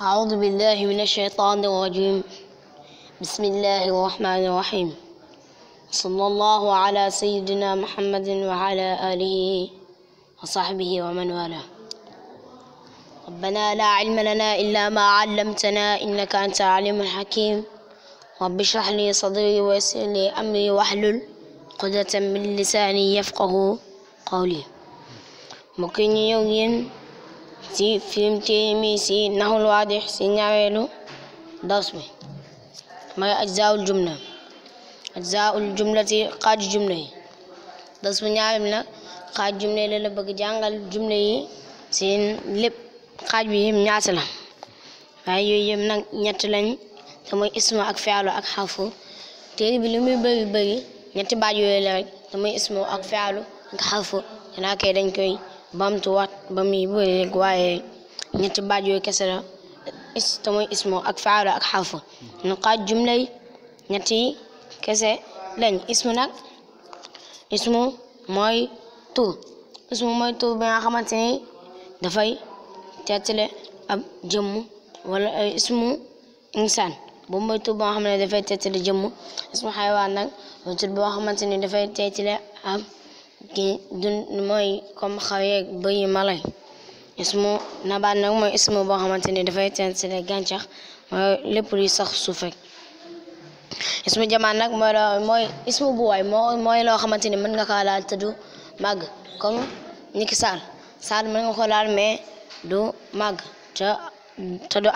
أعوذ بالله من الشيطان الرجيم بسم الله الرحمن الرحيم صلى الله على سيدنا محمد وعلى آله وصحبه ومن والاه ربنا لا علم لنا إلا ما علمتنا إنك أنت العليم الحكيم رب اشرح لي صدري ويسر لي أمري واحلل عقدة من لساني يفقه قولي ممكن يوم ci film téemi si naxul waadix si ñaareelu dars bi may ajzaul jumla ajzaul jumla ci xaaj jumla yi dars bu ñaareel nag xaaj jumla yi la la bëgg jàngal jumla yi seen lépp xaaj bi yëpp ñaata la waaye yooyu nag ñett lañ te mooy ismu ak fi'lu ak xarfu téere bi lu muy bëri bëri ñetti baaj yooyu la rek te mooy ismu ak fi'lu ak xarfu danaa koy dañ koy bamtuwaat ba muy bëri rek waaye ñetti baat yooyu kese la is te ismo ak faala ak xarfu ñu xaaj jumla yi ñetti kese lañ ismu nag ismu mooy tur ismu mooy tur bi nga dafay teetale ab jëmm wala ismu insaan boobu mooy tur boo nga xam ne dafay teetale ni dafay ab ki dund mooy comme xaweeg bëyi malay ismu nabaat mooy ismu boo xamante ni dafay tensile gàncax mooy lépp luy sax suuf rek ismu jamaan nag mooy loo ismu bu waay mooy xamante ni mën nga kaa laal te du màgg ko laal du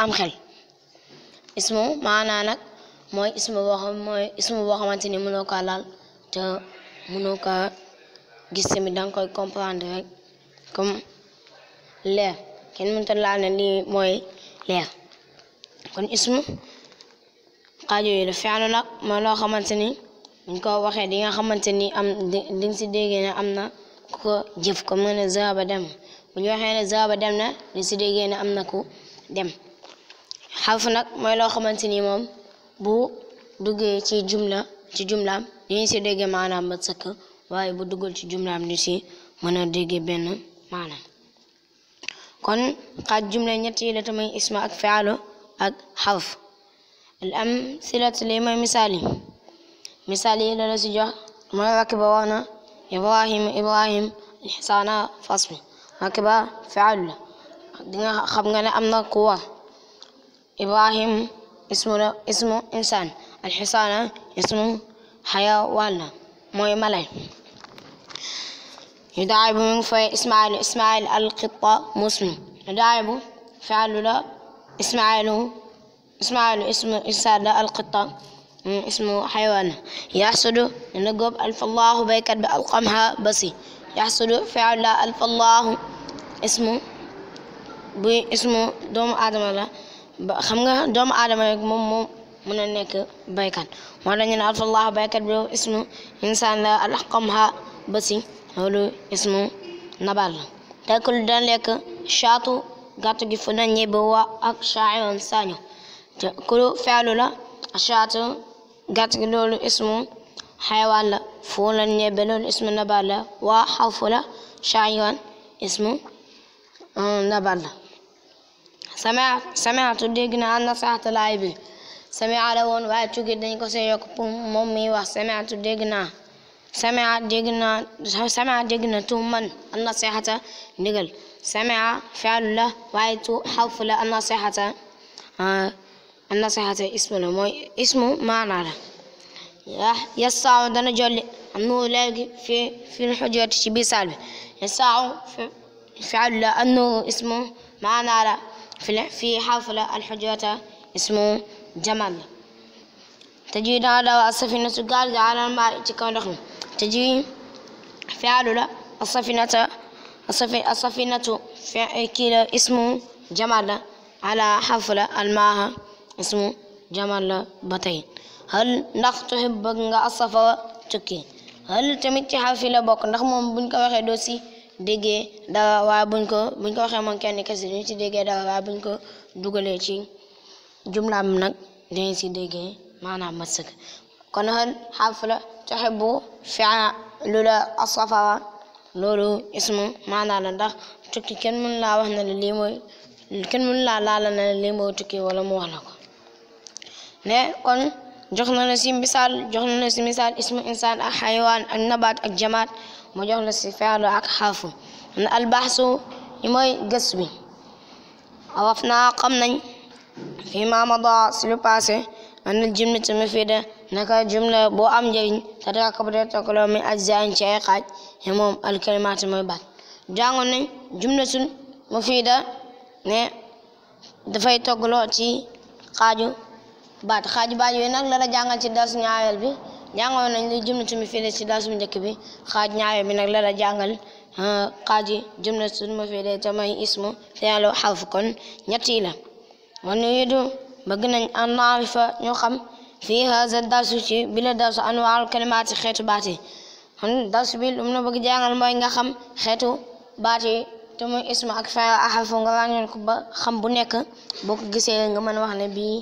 am xel ismu maanaa nag boo xam mooy xamante ni mënoo kaa laal te mënoo kaa gis tamit danga koy comprendre rek comme leer kenn mënta laal ne lii mooy leer kon ismu xaajo yi la fi'lu la mooy loo xamante ni buñ ko waxee di nga xamante ni am di nga si déggee am na ku jëf comme nga ne zaaba dem bu na di si déggee am na ku dem xarfu nag mooy loo xamante ni moom bu duggee ci jumla ci jumlaam dañu si déggee maanaam ba sëkk waaye bu dugal ci jumlaam ni si mën a dégge benn maana kon xaaj jumla ñett yi la isma ak fi'alo ak xarf al am silat li mooy misaal yi misaal la si jox mooy rakiba wax ibrahim ibrahim alxisaana fas bi rakiba fi'al dinga xam nga ne am na ku ibrahim ismu la ismu insaan alxisaana ismu xayawaan mooy malay yudaa bu mu ngi fooye ismailu ismail alqitta muslim yudaa bu fi'lu la ismailu ismailu ismu isaada alqitta ismu xayawaan yaxsudu dana góob alfallaahu baykat bi alqamha basi yaxsudu fi'lu la alfallaahu ismu bu ismu doomu aadama la xam nga doomu aadama rek moom moom mën na nekk baykat moo dañu ne alfallaahu baykat bi ismu insaan la alqamha basi loolu ismu nabal la taakulu dana lekk shaatu gàtt gi fu na ñebe wa ak shaa'iun sañu la shaatu gàtt gi loolu ismu xayawaan la fuu la ñebe loolu ismu nabal la wa xawfu la shaa'iun ismu euh, nabal la samia samiatu dégg na an nasaxata laay bi samia la woon waaye tugi dañ ko see yokk moom mi wax samiatu dégg naa Samiha dégg na Samiha dégg na tu man an-nasihata ndigal Samiha fi'lu la waaye tu xarfu la an-nasihata an-nasihata ismu la mooy ismu maana la yasa'u dana jolli an-nuuru leer gi fi fi l-hujrati ci biir saal bi yasa'u fi'lu la an-nuuru ismu maana la fi xarfu la al-hujrata ismu jamaa la tajri daw as-safiinatu gaal gi ala al-maa'i ci kaw ndox mi تجري فعل السفينة السفينة كلا اسم جمال ala حفل الماء اسم جمال بطين هل ndax tuhib bëgg nga asafawa tukki hal tamit ci xarfi la bokk ndax moom buñ ko waxee doo si déggee dara waaye buñ ko buñ ko waxee moom kenn kese duñ si déggee dara waaye buñ ko dugalee ci jumlaam nag dañ si déggee maanaam mat kon hal xafla tuhibbu fi'lu la asafara loolu ismu maanaa la ndax tukki kenn mën laa wax na la lii mooy kenn mën laa laala na la lii tukki wala mu wax la ko ne kon jox na la si misaal jox na la si misaal ismu insaan ak xayawaan ak nabaat ak jamaat mu jox la si fi'lu ak xaafu ne albaxsu yi gës bi awaf naa xam nañ fi ma mada si lu passé anal jumlatu mufida naka jumla boo am njëriñ te daka kabatal takkaloo mi ajzaan ci ay xaaj e moom alkalimaat mooy baat jàngoon nañ jumlatul mufida ne dafay toggaloo ci xaaju baat xaaju baat yooyu nag la jàngal ci darsu ñaareel bi jàngoon nañ li jumlatu mufida ci darsu njëkk bi xaaj ñaareel bi nag la jàngal xaaj jumlatul mufida te may ismu fi'lu xarf kon ñetti la bëgg nañ an naarifa ñu xam fii haza darsu ci bi la darsu anwaal kalimaat yi xeetu baat yi xam darsu bi na bëgg jàngal mooy nga xam xeetu baat yi te muy isma ak faa axarfu nga ko ba xam bu nekk boo ko gisee nga man wax ne bii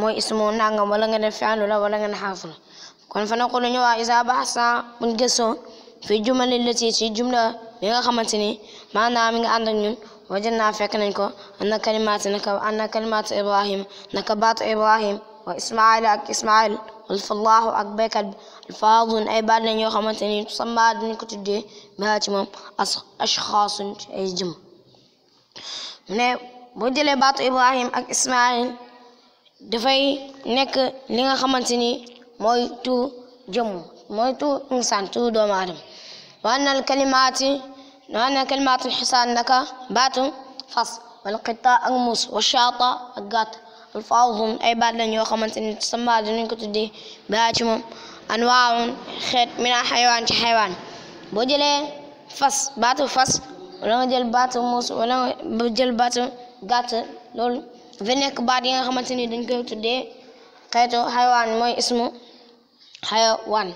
mooy ismu nangam wala nga ne fi'lu la nga ne la kon fa naqulu ñu waa isa baxsa buñ gëstoo fi jumali lati ci jumla bi nga xamante ni maanaam mi nga ànd ñun wajadnaa fekk nañ ko anna kalimaat naka anna kalimaat ibrahim naka baatu ibrahim wa ismail ak ismail wal falaahu ak baykat bi alfaadun ay baat lañ yoo xamante ni tusammaa dañ ko tuddee baa ci moom as ashxaasun ci ay jëm mu ne boo jëlee baatu ibrahim ak ismail dafay nekk li nga xamante ni mooy tu jëmm mooy tu insaan tu doomu aadama wa anna kalimaati noo ne kalimatul xisaan naka baatu fas wal qitta ak muus wa shaata ak gàtt alfaadun ay baat lañ yoo xamante ni sama dinañ ko tuddee baa ci moom anwaawun xeet mina xaywaan ci xaywaan boo jëlee fas baatu fas wala nga jël baatu muus wala nga jël baatu gàtt loolu dafa nekk baat yi nga xamante ni dañ koy tuddee xeetu xaywaan mooy ismu xaywaan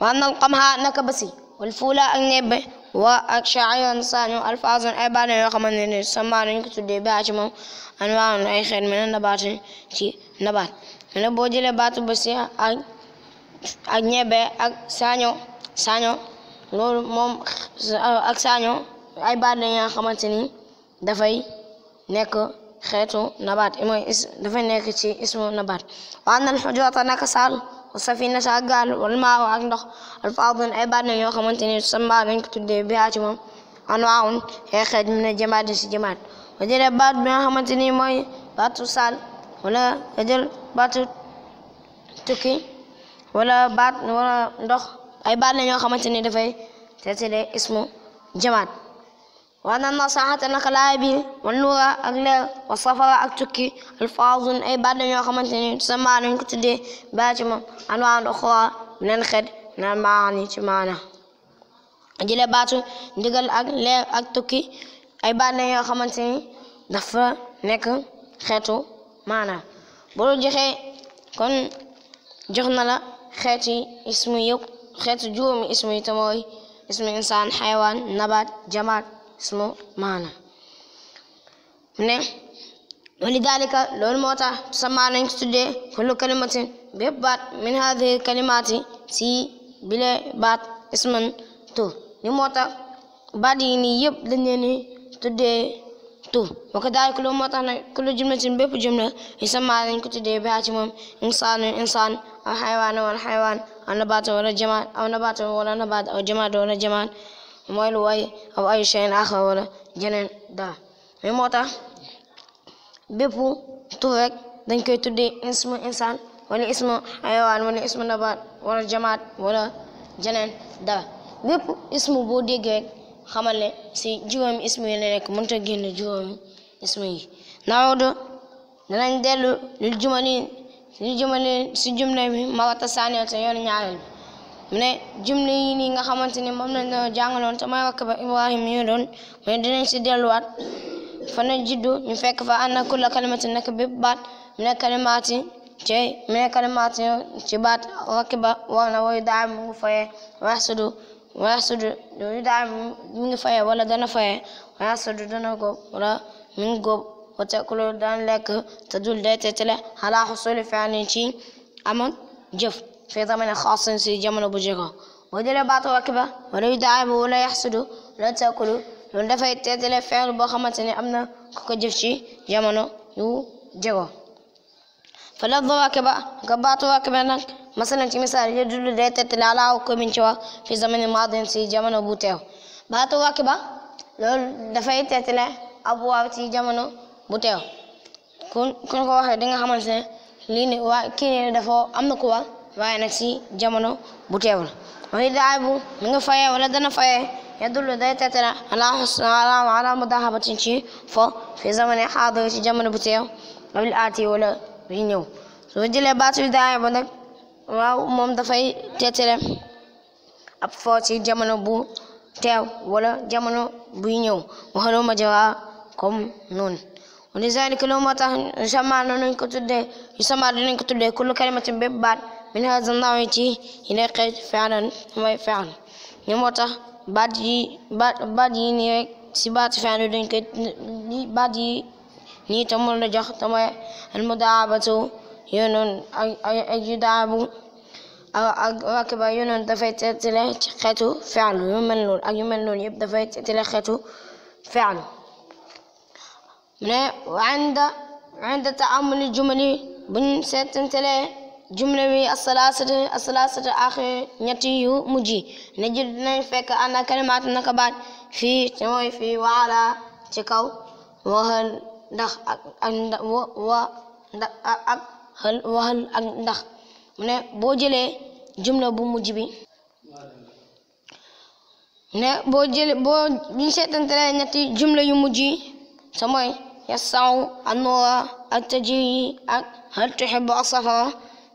wa annal qamha naka basi wal fuula ak ñebbe wa ak shaayon saañu alfaazon ay baat yoo xamante ne sama dañ ko tuddee ba ci moom an ay xeet mel ne nabaat ci nabaat mel ne boo jëlee baatu bësi ak ak ñebe ak saaño saaño loolu moom ak saaño ay baat yoo xamante ni dafay nekk xeetu nabaat mooy dafay nekk ci ismu nabaat wa anal xujoota naka saal safina sa gaal wal maaw ak ndox al ay baat na yoo xamante ni samba dañ ko tuddee bi ci moom anwaawun ay xeet mu ne jamaat si jamaat nga baat mi nga xamante ni mooy baatu saal wala nga jël tukki wala baat ndox ay baat na yoo xamante ni dafay teetale ismu waan an nasaxata naka laay bi wan nuura ak leer wa safara ak tukki alfaazun ay baat yoo ñoo xamante ni tusammaa nañ ko tuddee baat ci moom anwaan uxraa minal maani ci maana jële baatu ndigal ak ak tukki ay baat yoo ñoo xamante ni nekk xeetu maana bu la kon jox na la xeeti ismu yëpp xeetu juróomi ismu yi ismu insaan xayawaan nabaat jamaat ismu maana mu ne wali dalika loolu moo tax tusammaa nañ tuddee kullu kalimatin bépp baat min haadihi kalimaati si bile baat isman tur li moo baat yi nii yëpp dañ leen di tuddee tur wa kadaalika loolu moo tax nag kullu jumlatin bépp jumla tusammaa nañ ko tuddee baa ci moom insaanu insaan aw xayawaan wala xayawaan aw nabaatu wala jamaat aw nabaatu wala nabaat aw jamaat wala jamaat mooy lu way aw ay chaine axar wala jeneen dara mais moo tax bépp tur rek dañ koy tudde ismu insaan wala ismu xayawaan wala ismu nabaat wala jamaat wala jeneen dara bépp ismu boo dégg rek xamal si juróomi ismu yi la nekk mënut génn juróomi ismu yi nawdo danañ dellu lil jumalin si jumla bi marata saaniyata yoon ñaareel bi mu ne jumle yi nii nga xamante ni moom na la jàngaloon sama rakk ba Ibrahim ñu doon mu ne dinañ si delluwaat fa na jiddu ñu fekk fa ànd ak kulla kalimati nekk bépp bat mu ne kalimaati ci mu ne kalimaati ci baat rakk ba war na wayu daa mu ngi fayee waasudu mu ngi wala dana fayee waasudu dana góob wala mu ngi góob wa tekkulo daan lekk te dul dee te tele xalaa xusuli ci amoon jëf شيطان خاص جمل bu jego ودل بات وكبا ولو دعاب ولا يحسد ولا تأكل loolu dafay teetale feer boo xamante ne am na ku ko jëf ci jamono yu jego fa la waake ba nga baatu waake ba nag masalan ci misaal yi dul day teetale alaaw commune ci wax fi zamani maadin si jamono bu teew baatu waake ba loolu dafay teetale ab waaw ci jamono bu teew kun kun ko waxee di nga xamante ne lii ne waa kii ne dafa am na ku wax waaye nag si jamono bu teewul wa daabu mi nga faye wala dana faye yadullu day tetera ala husn ala mudahabatin ci fo fi zamane xaado ci jamono bu teew awil aati wala wi ñëw soo jëlee baatu daay moom dafay teetale ab foo ci jamono bu teew wala jamono buy ñëw waxaloo ma jawaa comme noonu wa li zalika loo moo tax sama nañ ko tuddee sama dinañ ko tuddee kullu kalimatin min azanna mi ci yi ne xeej fi'lan mooy fi'l ni moo tax baat yi baat yi nii rek si baat fi'l dañ koy baat yi nii te mën na jox te mooy al mudaabatu yoonoon ak yu daabu ak rakiba yoonoon dafay teetale ci xeetu fi'l yu mel noonu ak yu mel noonu yëpp dafay teetale xeetu fi'l mu ne wa inda inda ta'ammuli jumali buñ seetantalee jumla wi asalaasata asalaasata ak ñetti yu mujj najid dinañ fekk ànd ak kalimaat naka baat fii te mooy waala ci kaw waxal ndax ak ak ndax wa ndax ak xal boo jëlee jumla bu mujj bi boo jëlee boo ñu seetantale ñetti jumla yu mujj yi sa mooy yasaw annuwa ak tajiyi ak hal tuxibu ak safa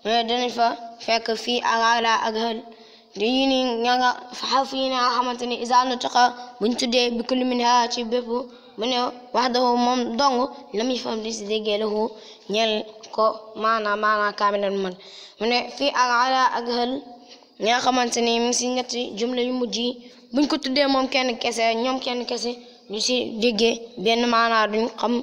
mu ne danañ fa fekk fii ak ala ak hël di ñu ni ña nga xaf yi nga xamante ni isa nu taxa buñ tuddee bi kulli min ha ci bépp mu ne wax dahu moom dong la muy fam di si déggee lahu ñel ko maana maana kaamilan man mën mu ne fii hël ñi nga xamante ni mi si ñetti jumla yu mujj yi buñ ko tuddee moom kenn kese ñoom kenn kese ñu si déggee benn maana duñ xam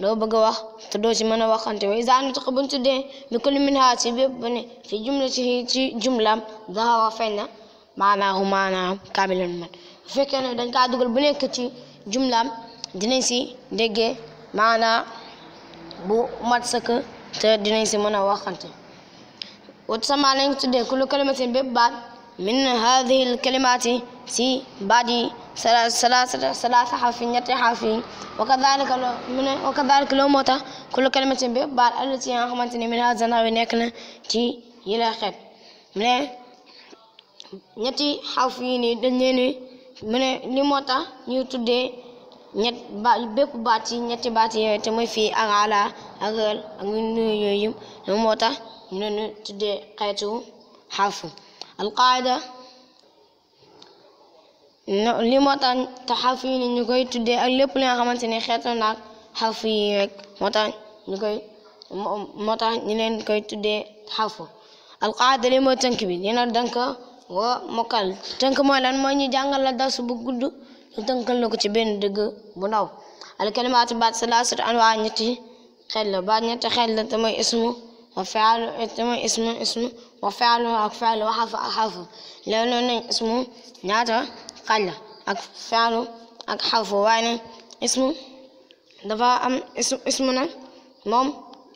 loo bëgg a wax te doo ci mën a waxante wa izaa nutqiya buñ tuddee bi kulli minhaa ci bépp bu ne fi jumla ci ci jumlaam zahara feeñ na maanaahu maanaam kaamilan man bu fekkee ne dañ kaa dugal bu nekk ci jumlaam dinañ si déggee maanaa bu mat sëkk te dinañ si mën a waxante wat sama lañ tuddee kullu kalimatin bépp baat min haadihi l kalimaati si baat yi salaasa salaasa xarfin ñetti xarfin wa kadalika loo mu ne wa kadalika loo moo tax kullu kalimatin bépp baat allati nga xamante ne mina zanaawi nekk na ci yila xeet mu ne ñetti xarf yi nii dañ leen ni mu ne li moo tax ñuy tuddee ñett ba bépp baat yi ñetti baat yi te mooy fii ak ala ak al ak nuyu yooyu moo tax ñu leen tuddee xeetu xarfu alqaida li moo tax te xarfu yi ñu koy tuddee ak lépp li nga xamante ni xeetu naag xarfu yi rek moo tax ñu koy moo tax ñu leen koy tuddee xarfu alqaada li mooy tënk bi dina dënk wa mokkal tënk mooy lan mooy ñu jàngal la dars bu gudd ñu tënkal la ko ci benn dëgg bu ndaw alkalimaatu baat salaasatu anwaa ñetti xel la baat ñetti xel la te ismu wa fi'lu wa fi'lu ak fi'lu wa xarfu ak ismu ñaata xaaj ak fi'lu ak xarfu waaye nag ismu dafa am ismu ismu moom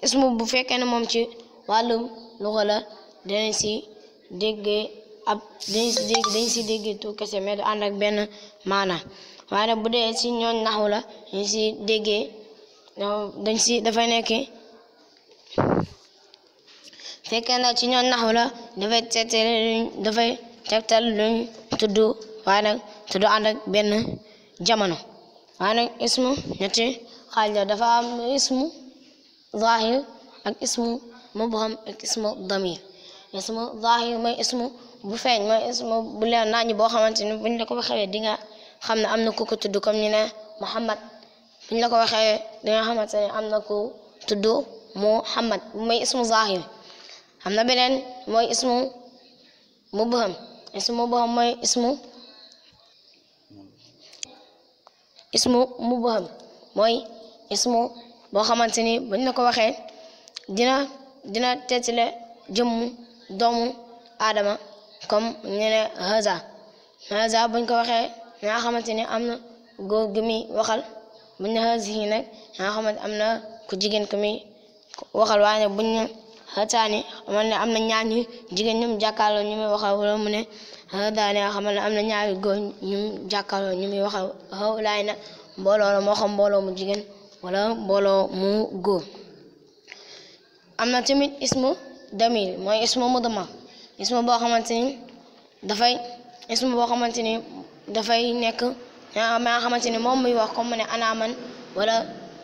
ismu bu fekkee ne moom ci wàllum luxa la danañ si déggee ab dañ si dégg dañ déggee tu kese mais du ànd ak benn maana waaye nag bu dee si ñoo naxu la dañ si déggee si dafay nekk fekkee na ci ñooñ naxu la dafay tegtal dafay tegtal luñ tudd waaye nag te du ànd benn jamono waaye nag ismu ñetti xaaj la dafa am ismu zahir ak ismu mubham ak ismu damir ismu zahir mooy ismu bu feeñ mooy ismu bu leer nañu boo xamante ni buñ la ko waxee di nga xam ne am na ku ko tudd comme ñu ne Muhammad buñ la ko waxee di xamante ne am na ku tudd Muhammad mooy ismu zahir am na beneen mooy ismu mubham ismu mubham mooy ismu mu mubham mooy ismo boo xamante ni buñ la ko waxee dina dina teetile jëmm doomu aadama comme ñu ne haza buñ ko waxee nga xamante ni am na góor gi muy waxal buñ ne hazihi nag nga xamante am na ku jigéen ku waxal waaye nag buñ ne hataani xamal am na ñaar ñu jigéen ñoom jàkkaarloo ñu waxal wala mu ne daanee xamal ne am na ñaari góor ñu jàkkaarloo ñu muy wax xaw laay na mbooloo la moo xam mbooloo mu jigéen wala mbooloo mu góor am na tamit ismu damir mooy ismu mu dama ismu boo xamante ni dafay ismu boo xamante ni dafay nekk ma nga xamante ni moom muy wax comme mu ne ana man wala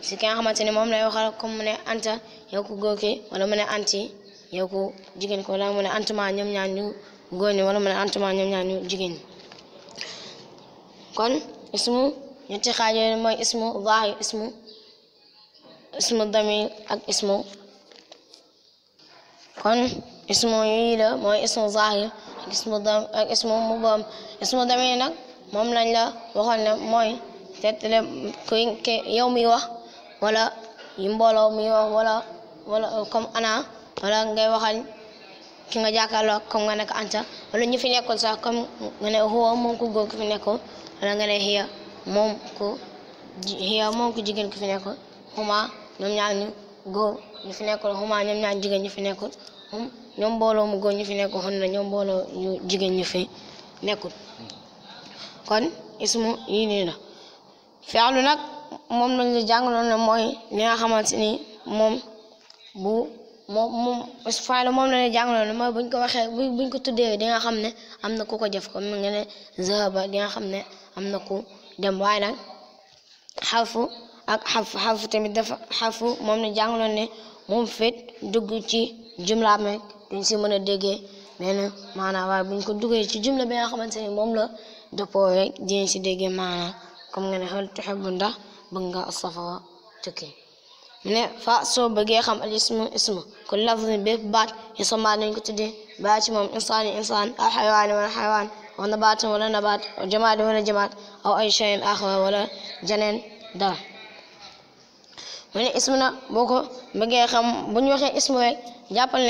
si ki nga xamante moom lay waxal comme mu ne anta yow ku góor ki mu ne anti yow ku jigéen ko wala mu ne antuma ñoom ñaar ñu góor ñi wala mu ne antumaa ñoom ñaar ñu jigéen ñi kon ismu ñetti xaaj yooyu mooy ismu zaahir ismu ismu damir ak ismu kon ismu yooyu mooy ismu zaahir ak ismu dam ak ismu mubham ismu damir nag moom lañ la waxoon ne mooy tettale kuy yow mi wax wala yi mbooloo wala wala comme wala ngay waxal ki nga jàkkaarloo comme nga nekk anta wala ñu fi nekkul sax comme nga ne huwa moom ku góor ku fi nekkul wala nga ne hiya moom ku hiya moom ku jigéen ku fi nekkul huma ñoom ñaar ñu góor ñu fi nekkul huma ñoom ñaar jigéen ñu fi nekkul hum ñoom mbooloo mu góor ñu fi nekkul hunna ñoom mbooloo jigéen ñu fi nekkul kon ismu yii nii la fi'lu nag moom lañ mooy li nga xamante ni moom bu moom moom faalo moom la ne jàngaloon ne mooy buñ ko waxee buñ ko tuddee dinga xam ne am na ko ko jëf comme nga ne zahaba di xam ne am na ko dem waaye nag xarfu ak xarfu xarfu tamit dafa xarfu moom la jàngaloon ne moom fit dugg ci jumla meeg duñ si mën a déggee benn maanaam waaye buñ ko duggee ci jumla bi nga xamante ne moom la dëppoo rek dinañ si déggee maanaam comme nga ne xel tuxibu ndax bëgg nga safa tukki mu ne fa soo bëggee xam al ismu ismu ku lafzin bépp baat yusammaa nañ ko tuddee baa ci moom insaani insaan aw xayawaani wala xayawaan aw nabaatan wala nabaat aw jamaadi wala jamaat aw ay shayin axar wala janeen dara mu ne ismu na boo ko bëggee xam bu ñu waxee ismu rek jàppal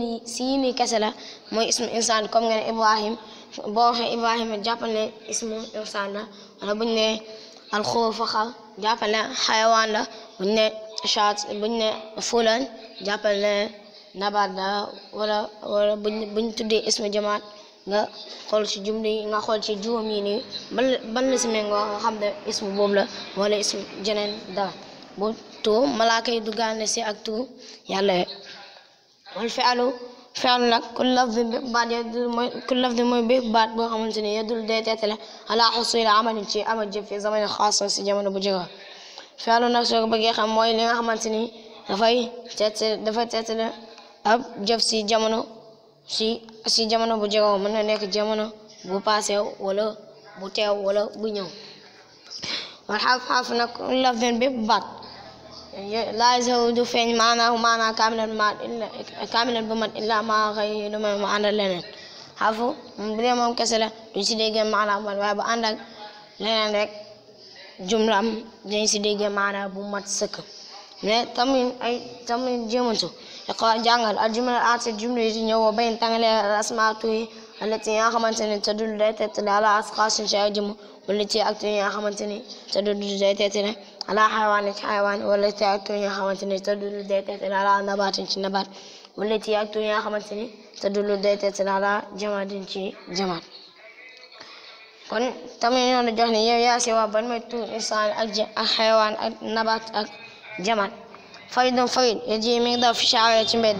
ne si yi nii kese la mooy ismu insaan comme nga ne Ibrahim boo waxee Ibrahim jàppal ne ismu insaan la wala bu ñu nee alxuruf xar jàppal ne xayawaan la buñ ne chat buñ ne fulan jàppale ne nabaat la wala wala buñ buñ tuddee ismu jamaat nga xool ci jumli nga xool ci juróom yi nii ban ban la si méngoo nga xam ne ismu boobu la wala ismu jeneen dara bu tu malaaka duggaane si ak tu yàlla wal fi'lu feelu nag ku lafz bépp baat yadul mooy ku lafz mooy bépp baat boo xamante ni yadul day teetale ala xusul amalin ci amal jëf fi zaman xaasa si jamono bu jege feelu nag soo ko bëggee xam mooy li nga xamante ni dafay teetale dafay teetale ab jëf si jamono si si jamono bu jege mën na nekk jamono bu paase wala bu teew wala bu ñëw wal xaaf xaaf nag lafz bépp baat laa yazalu du feeñ maanaahu maanaa kaamilan bu mat illa ma xëy lu may mu ànd leneen xafu bu dee moom kese la duñ si déggee maanaa bu mat waaye bu ànd ak leneen rek jumlaam dañ si déggee maanaa bu mat sëkk mais tamit ay tamit jéemantu iqra jàngal al jumla aati jumla yi di ñëw wa bayn tàngale al asmaa tur yi allati yi nga xamante ne tadullu day teetale ala asxaasin ci ak tur yi nga xamante ne tadullu day ala xayawaan ci xayawaan wala ci ak tur yi nga xamante ni te dul day teetal ala nabaatin ci nabaat wala ci ak tur yi nga xamante ni te dul day teetal ala jamaatin ci jamaat kon tamit noonu jox ni yow yaa si waa ban mooy tur insaan ak ak xayawaan ak nabaat ak jamaat faydun fayd ya ji mi ngi daw fi shaawe ci mbedd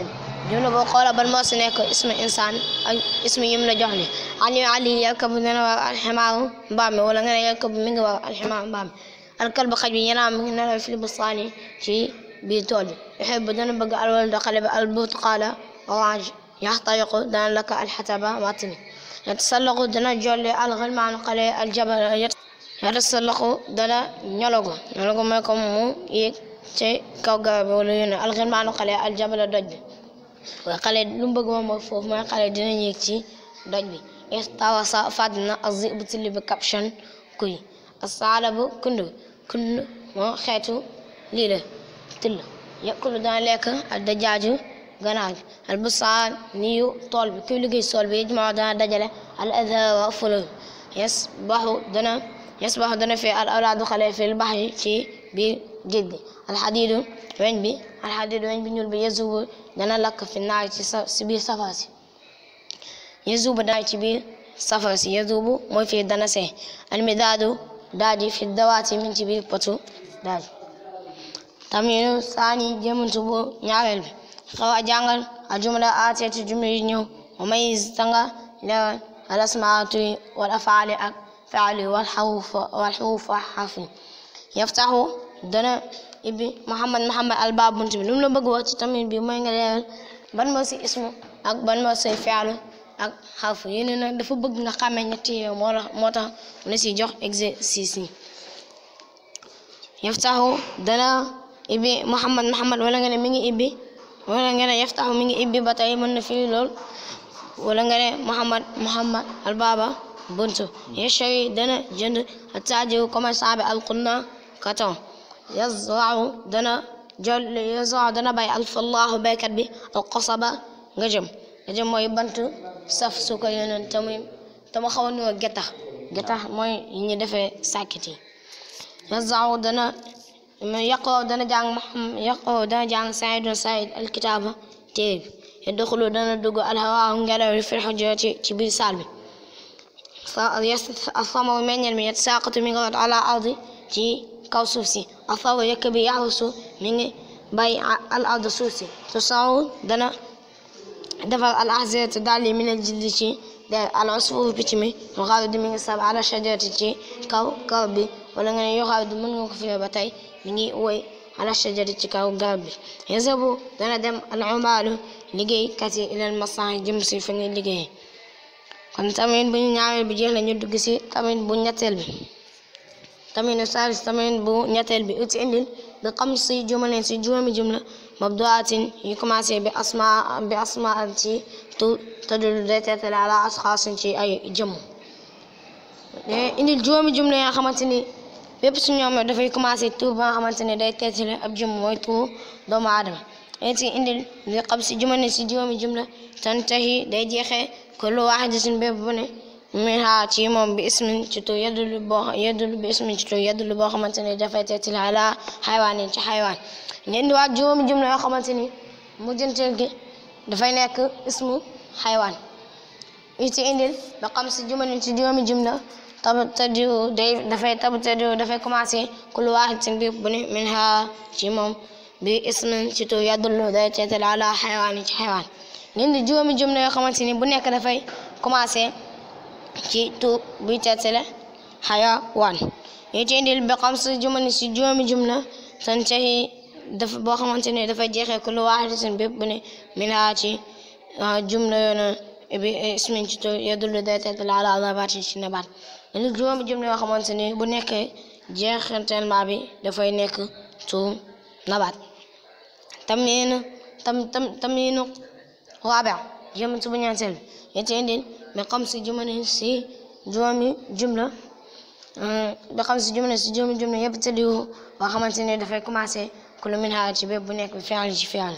jumla boo xoola ban moo si nekk ismu insaan ak ismu yim la jox ni ali ali yalkabu dana waaw alximaaru mbaam mi wala nga ne yalkabu mi ngi waaw alximaaru mbaam mi alkalba xaj bi yanaamu ngi nelaw fil bustaani ci biir tool bi yuhibbu dana bëgg alwaladu xale bi alburtuqaala orange yaxtariqu dana lakk alxataba matini yatasallaqu dana jolle alxilmaanu xale aljabal yatasallaqu dana ñologu ñologu mooy comme mu yéeg ci kaw garab wala yónne alxilmaanu xale aljabala doj bi waaye xale lu mu bëgg moom mooy foofu mooy xale dina yéeg ci doj bi istawasa fàdd na azi bu tilli bi kapshan kuy asaala bu kundu kull moo xeetu lii la till yakulu dana lekk al dajaaju ganaar bi al busaan niyu tool bi kuy liggéey tool bi yajmaa dana dajale al adhawa fulal yasbaxu dana yasbaxu dana fee al awlaadu xale fil baxri ci biir géej gi al xadiidu weñ bi al xadiidu weñ bi ñuul bi yazubu dana lakk fi naar ci si biir safara si yazubu dana ci biir safara si yazubu mooy fii dana see al midaadu daji fi dawaati min ci biir potu taminu saani jëmantu bu ñaareel bi xawa jàngal a jumla aateetu jumla yi ñëw wa mayis tanga leeral al asmaatu wal afaali ak faali wal xuruufa wal xuruufa xarfin yaftaxu dana ibbi Muhammad Muhammad albaab bunt bi lu mu la bëgg wax ci tamit bi mooy nga leeral ban moo si ismu ak ban moo si faalu ak xarfu yi ne nag dafa bëgg nga xàmmee ñetti yooyu moo tax moo tax mu ne si jox exercice yi yaftaxu dana ibbi Muhammad Muhammad wala nga ne mi ngi ibbi wala nga ne yaftaxu mi ngi ibbi ba tey mën na firi lool wala nga ne Muhammad Muhammad albaaba buntu yashari dana jënd attaajiru commerçant bi alqunna coton yazrau dana jol yazrau dana bay alfallahu baykat bi alqasaba nga jëm nga jëm mooy bant saf su ko yeneen te muy te mu xaw a nuyoo getax getax mooy ñu defe sàkkit yi yazaaw dana yaqoo dana jàng maxam yaqoo dana jàng saidun said alkitaaba téere bi yadxulu dana dugg alhawaa ngelaw li fil xujurati ci biir saal bi asamau meññel mi yatasaaqatu mi ngi wat ardi ci kaw suuf si asaw yëkk bi yaxusu mi ngi bay al ardi suuf dana defal al ahziyatu daal yi minal jildi ci der al usfuur picc mi mu xaaru di mi ngi sab ala shajarati ci kaw kaw bi wala nga ne yoo xaaru di mën nga ba tey mi ngi woy ala shajari ci kaw garab bi yasabu dana dem al umaalu liggéey kat yi ilal masan jëm si fa ñuy liggéey kon bu ñaareel bi jeex na ñu dugg si tamit bu ñetteel bi tamit nu saalis tamit bu ñetteel bi uti indil bi xam si jumale si juróomi jumla mabdu'aatin yu commencé bi asma bi asmaa ci tu tadul day teetale ala asxaasin ci ay jëmm indil juróomi jumla yoo xamante ni bépp su ñoom dafay commencé tur ba nga xamante ne day teetale ab jëmm mooy turu doomu aadama et ci indil li xab si jumla ni si juróomi jumla tantahi day jeexee kullu waaxidatin bépp bu ne min ha ci moom bi ismin ci tur yadulu boo yadulu bi ismin ci tur yadulu boo xamante ni dafay teetil ala xaywaanin ci xaywaan ngeen di waat juróomi jumla yoo xamante ni mujjanteel gi dafay nekk ismu xaywaan yi ci indil ba xam si jumalin ci juróomi jumla tabtadiu day dafay tabtadiu dafay commencé kullu waaxid si biir bu ne min ha ci moom bi ismin ci tur yadulu day teetil ala xaywaanin ci xaywaan ngeen di juróomi jumla yoo xamante ni bu nekk dafay commencé ci tuub buy tettale xayawaan yooyu ci indil bi xam si jumani si jumla tan cahi dafa boo xamante ne dafa jeexee ku lu waaxidatin bépp bu ne ci ah, jumla yoona bi eh, ismin ci tur yadullu day tettale ala nabaat ci nabaat li juróomi jumla yoo xamante ne bu nekkee jeexanteen maa bi dafay nekk tuub nabaat tamit tam tam tamit bu ñeenteel yooyu ci indil bi xam si jumla si juróomi jumla euh, bi xam si jumla si juróomi jumla yëpp tëddi boo xamante ne dafay commencé ku lu min ci bépp bu nekk fi'il ci fi'il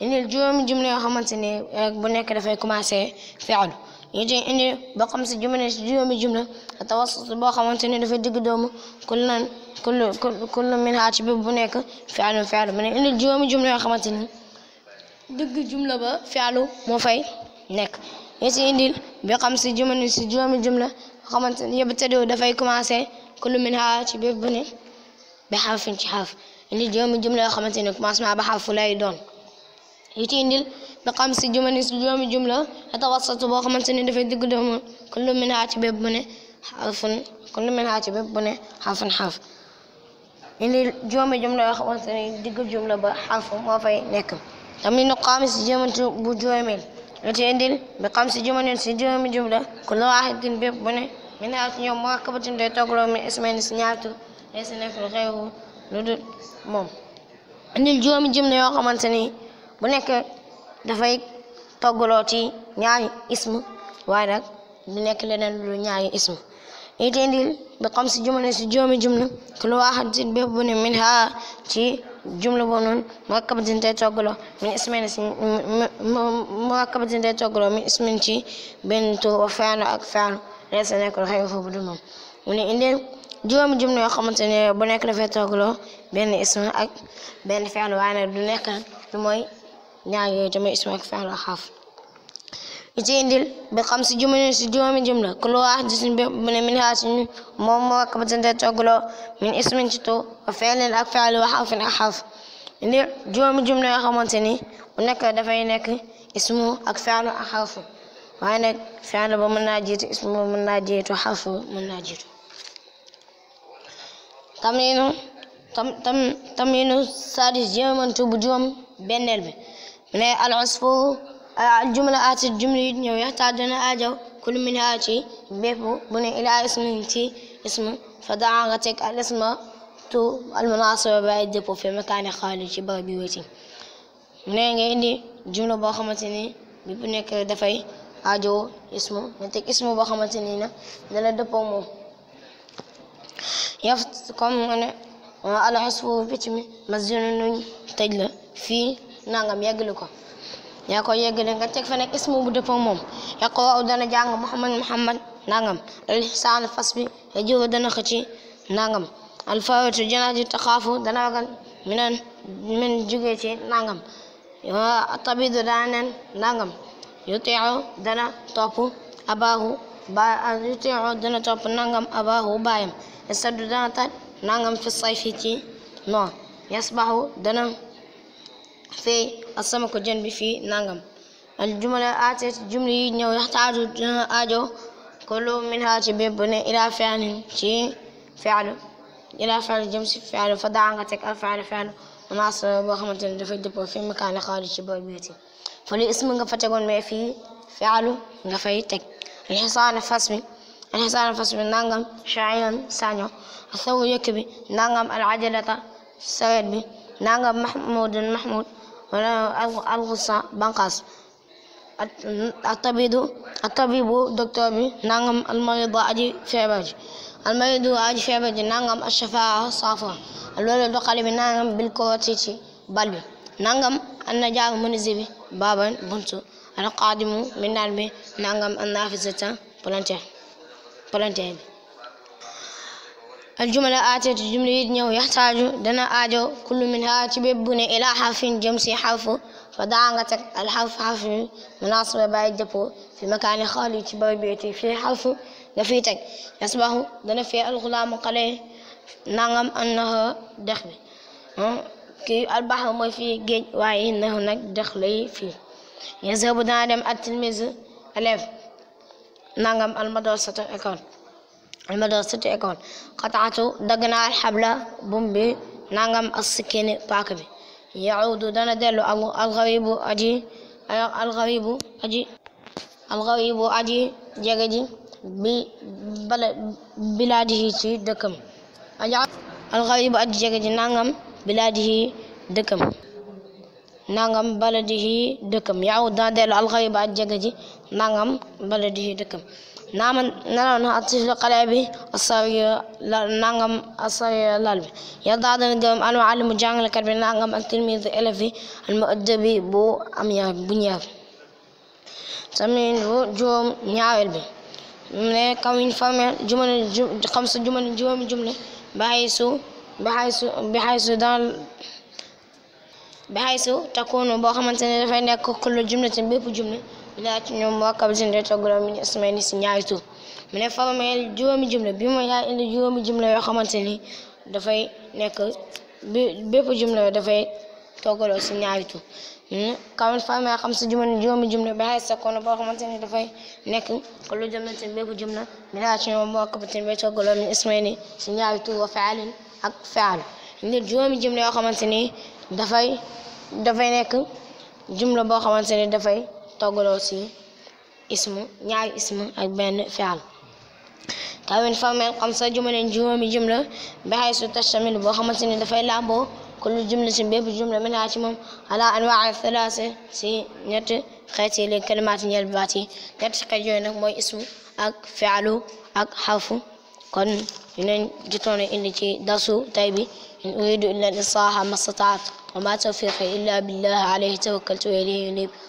indil juróomi jumla yoo xamante ne euh, bu nekk dafay commencé fi'il ñu ci indi ba xam si jumla si juróomi jumla tawasut boo xamante ne dafay digg doomu ku lan ku lu min ci bépp bu nekk fi'il fi'il mu ne indil juróomi jumla yoo xamante ne digg jumla ba fi'il moo fay nekk ñu si indil bi xam si jumani si juróomi jumla xamante ne yabtadiu dafay commencé kullu min ha ci bépp bu ne bi xarfin ci xarf indi juróomi jumla yoo xamante ne commencement ba xarfu lay doon yu ci indil bi xam si jumani si juróomi jumla yatawassatu boo xamante ne dafay digg doomu kullu min ha ci bépp bu ne xarfun kullu min ha ci bépp bu ne xarfun xarf indi juróomi jumla yoo xamante ne digg jumla ba xarfu moo fay nekk tamit nu xaamis si jumani bu juróomeel lu ci indil bi xam si jumanin si juróomi jumla kullu waaxidin bépp bu ne mi naaw ci ñoom murakkabatin day toogloo mi ismaani si ñaari tur day si nekk lu xew lu dul moom indil juróomi yoo xamante ni bu nekk dafay toggaloo ci ñaari ismu waaye nag du nekk leneen lu ñaari ismu it indil bi xam si jumanin si juróomi jumla kullu waaxidin bépp bu ne min haa ci jumla boobu noonu murakkab din day toggaloo min ismayn si murakkab din day toggaloo min ismayn ci benn tur wa faalu ak faalu laysa nekkul xëy foofu du moom mu ne indee juróomi jumla yoo xamante ne bu nekk dafay toggaloo benn isma ak benn faalu waaye nag du nekk lu mooy ñaar yooyu tamit isma ak faalu xaaf yu ci indil bi xam si jumla si juróomi jumla kullu waahidatin bépp bu ne min haa si ñun moom moo kabatante toggaloo min ismin ci tur wa fi'lin ak fi'l wa harfin ak harf jumla yoo xamante ni bu nekk dafay nekk ismu ak fi'l ak harf waaye nag fi'l ba mën naa jiitu ismu ba mën naa jiitu harf ba mën naa jiitu tamriinu tam tam tamriinu sadis jéemantu bu juróom benneel bi mu ne al usfuur a jumla yi ñëw yaxtaa a ajaw kul min haa ci bépp bu ne ilaa ismin ci ism fa daa nga teg al isma tu almunasaba ba ay dëpp fi makaani xaali ci barab yu wéti ne nga indi jumla boo xamante ni bi bu nekk dafay aajoo ismu nga teg ismu boo xamante ni na dala dëppoo moom yaf comme al xisfu picc mi masjidun nuñ tëj la fii nangam yàggalu ko yaa ko yeggale nga teg fa nag ismu bu dëppoo moom yaqra'u dana jàng Muhammad Muhammad nangam al-ihsaan fas bi yajubu dana xëcci nangam al-fawaatu janaax ji taxaafu dana ragal minan min jugee ci nangam atabidu dana nen nangam yuti'u dana topp abaahu ba yuti'u dana topp nangam abaahu baayam saddu dana taj nangam fi sayfi ci noor yasbahu dana fee ak sama ko jën bi fii nangam al jumla atet jumla yi ñëw yaxtaaju dina aajo kullu minha ci bépp ne ila fi'lin ci fi'lu ila fi'l jëm si fi'lu fa daa nga teg al fi'lu fi'lu naas boo xamante ne dafay dëppoo fi makaane xaali ci boobu béyti fa li ism nga fa tegoon mais fii fi'lu nga fay teg al hisaana fas mi al hisaana fas mi nangam sha'iran saño asawu yëkk bi nangam al ajalata sawet bi nangam mahmudun mahmud alxusa banqaas attabidu attabibu docteur bi nangam almaridu aji feebar ji almaridu aji feebar ji nangam ashafaa saafara loolu doxali bi nangam bil kowati ci bal bi nangam annajaaru munisi bi baaban buntu alqaadimu mindaan bi nangam annaafisata palanteer palanteer bi aljumla aatiyatu jumla yi ñëw yaxtaaju dana aajo kullu min haa ci bépp bu ne ilaa xarfin jëm si xarfu fa daa nga teg alxarf xarfu munaasaba bàyyi jëppoo fi makaani xaali ci bari beeti fii xarfu nga fiy teg yasbaxu dana fee alxulaamu xale nangam an naxa dex bi kii albaxar mooy waaye nax nag dex lay fii dana dem at nagam élève nangam almadrasata école madrasati école xataatu dagg naa alxabla bum bi nangam ak sikkiini paak bi yaudu dana dellu alxawibu aji alxawibu aji alxawibu aji jege ji bi bala bilaadihi ci dëkkam alxawibu aji jege ji nangam bilaadihi dëkkam nangam baladihi dëkkam yaudu dana dellu alxawibu aji jege ji nangam baladihi dëkkam naa ma nelaw na at si xale bi asar nangam asar lal bi yardaa dana gërëm al muallimu jàngalekat bi nangam ak tilmiid élève bi al muaddabi bu am ñaar bu ñaar tamit bu juróom ñaareel bi ne kam ñu formé jumla xam sa jumla juróomi jumla baxaysu baxaysu baxaysu dans baxaysu takunu boo xamante ne dafay nekk kullu jumlatin bépp jumla bilaati ñoom mu wakkab sin de toggulo min ismaili si ñaari tur mu ne formel juróomi indi juróomi jumla yoo xamante ni dafay nekk bépp jumla yoo dafay si ñaari tur kaman hmm, xam sa juman juróomi jumla bi xay sakkoon boo xamante ni dafay nekk lu jëmante ni bépp jumla bilaati ñoom mu wakkab si ñaari tur wa ak faal juróomi jumla yoo xamante ni dafay dafay nekk jumla boo xamante ni dafay toggaloo si ismu ñaari ismu ak benn fi'al kawin formel xamsa jumaleen juróomi jumla baxay su tashtamil boo xamante ni dafay làmboo kullu jumla si bépp jumla minaa ci si ñetti xeeti li kalimaat ñeel baat yi ñetti xeet mooy ismu ak fi'alu ak xarfu kon ñu leen jotoon ci dasu tay in uridu illa al islaaha ma wa ma tawfiqi illa billah alayhi tawakkaltu wa